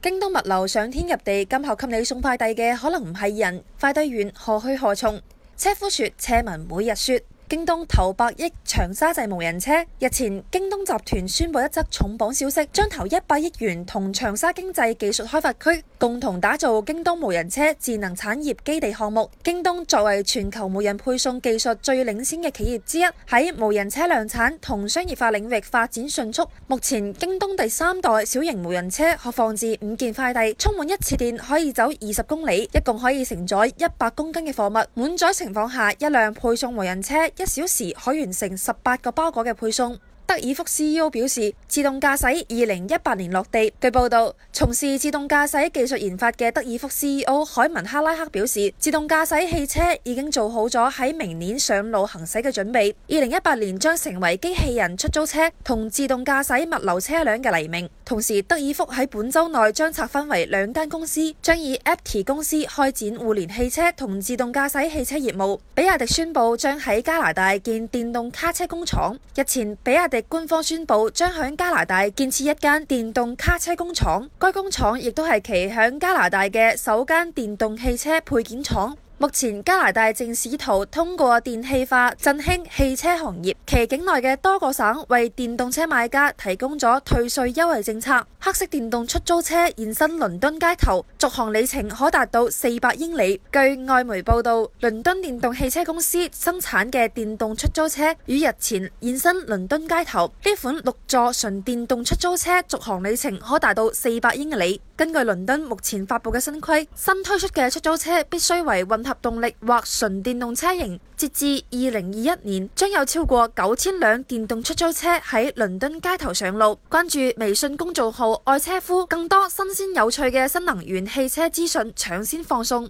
京東物流上天入地，今後給你送快遞嘅可能唔係人，快遞員何去何從？車夫說，車民每日說。京東投百億長沙造無人車。日前，京東集團宣佈一則重磅消息，將投一百億元同長沙經濟技術開發區共同打造京東無人車智能產業基地項目。京東作為全球無人配送技術最領先嘅企業之一，喺無人車量產同商業化領域發展迅速。目前，京東第三代小型無人車可放置五件快遞，充滿一次電可以走二十公里，一共可以承載一百公斤嘅貨物。滿載情況下，一輛配送無人車。一小時可完成十八個包裹嘅配送。德爾福 CEO 表示，自動駕駛二零一八年落地。據報道，從事自動駕駛技術研發嘅德爾福 CEO 凱文克拉克表示，自動駕駛汽車已經做好咗喺明年上路行駛嘅準備。二零一八年將成為機器人出租車同自動駕駛物流車輛嘅黎明。同時，德爾福喺本周內將拆分為兩間公司，將以 Aptiv 公司開展互聯汽車同自動駕駛汽車業務。比亞迪宣布將喺加拿大建電動卡車工廠。日前，比亞迪。官方宣布，將響加拿大建設一間電動卡車工廠，該工廠亦都係其響加拿大嘅首間電動汽車配件廠。目前加拿大正試圖通過電氣化振興汽車行業，其境內嘅多個省為電動車買家提供咗退稅優惠政策。黑色電動出租車現身倫敦街頭，續航里程可達到四百英里。據外媒報道，倫敦電動汽車公司生產嘅電動出租車於日前現身倫敦街頭。呢款六座純電動出租車續航里程可達到四百英里。根據倫敦目前發佈嘅新規，新推出嘅出租車必須為混合動力或純電動車型。截至二零二一年，將有超過九千輛電動出租車喺倫敦街頭上路。關注微信公眾號愛車夫，更多新鮮有趣嘅新能源汽車資訊，搶先放送。